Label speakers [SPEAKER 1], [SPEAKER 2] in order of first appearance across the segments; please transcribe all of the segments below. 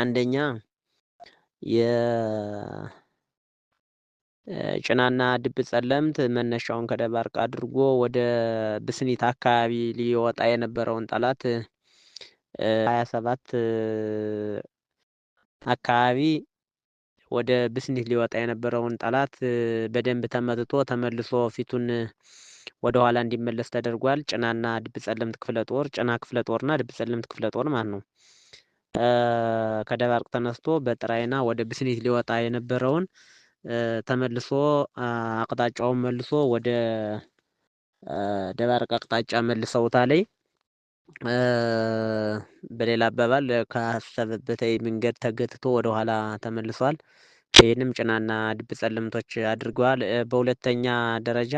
[SPEAKER 1] አንደኛ የጭናና ድብ ጸለምት መነሻውን ከደባርቅ አድርጎ ወደ ብስኒት አካባቢ ሊወጣ የነበረውን ጠላት ሀያ ሰባት አካባቢ ወደ ብስኒት ሊወጣ የነበረውን ጠላት በደንብ ተመትቶ ተመልሶ ፊቱን ወደ ኋላ እንዲመለስ ተደርጓል። ጭናና ድብ ጸለምት ክፍለ ጦር ጭና ክፍለ ጦርና ድብ ጸለምት ክፍለ ጦር ማለት ነው። ከደባርቅ ተነስቶ በጥራይና ወደ ብስኒት ሊወጣ የነበረውን ተመልሶ አቅጣጫውን መልሶ ወደ ደባርቅ አቅጣጫ መልሰውታ ላይ በሌላ አባባል ካሰበበት መንገድ ተገትቶ ወደኋላ ተመልሷል። ይህንም ጭናና ድብ ጸልምቶች አድርገዋል። በሁለተኛ ደረጃ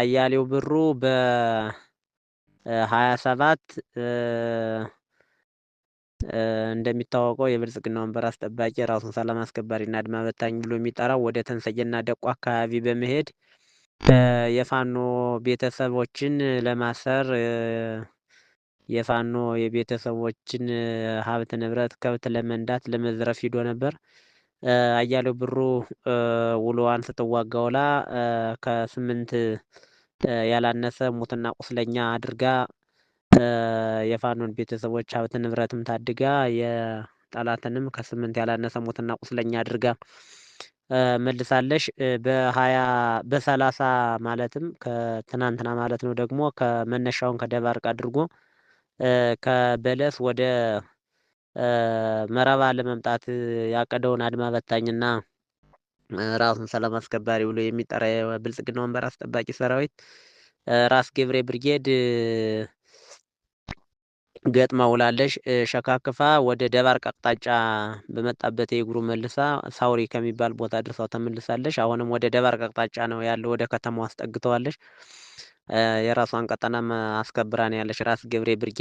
[SPEAKER 1] አያሌው ብሩ በሀያ ሰባት እንደሚታወቀው የብልጽግና ወንበር አስጠባቂ ራሱን ሰላም አስከባሪና አድማ በታኝ ብሎ የሚጠራው ወደ ተንሰየና ደቁ አካባቢ በመሄድ የፋኖ ቤተሰቦችን ለማሰር የፋኖ የቤተሰቦችን ሀብት ንብረት ከብት ለመንዳት ለመዝረፍ ሂዶ ነበር። አያሌው ብሩ ውሎዋን ስትዋጋ ውላ ከስምንት ያላነሰ ሙትና ቁስለኛ አድርጋ የፋኖን ቤተሰቦች ሀብት ንብረትም ታድጋ የጠላትንም ከስምንት ያላነሰ ሞትና ቁስለኛ አድርጋ መልሳለሽ። በሀያ በሰላሳ ማለትም ከትናንትና ማለት ነው ደግሞ ከመነሻውን ከደባርቅ አድርጎ ከበለስ ወደ መረባ ለመምጣት ያቀደውን አድማ በታኝና ራሱን ሰላም አስከባሪ ብሎ የሚጠራ ብልጽግና ወንበር አስጠባቂ ሰራዊት ራስ ገብሬ ብርጌድ ገጥማ ውላለች። ሸካክፋ ወደ ደባርቅ አቅጣጫ በመጣበት የእግሩ መልሳ ሳውሪ ከሚባል ቦታ ድርሳው ተመልሳለች። አሁንም ወደ ደባርቅ አቅጣጫ ነው ያለው። ወደ ከተማው አስጠግተዋለች። የራሷን ቀጠናም አስከብራን ያለች ራስ ገብሬ ብርጌ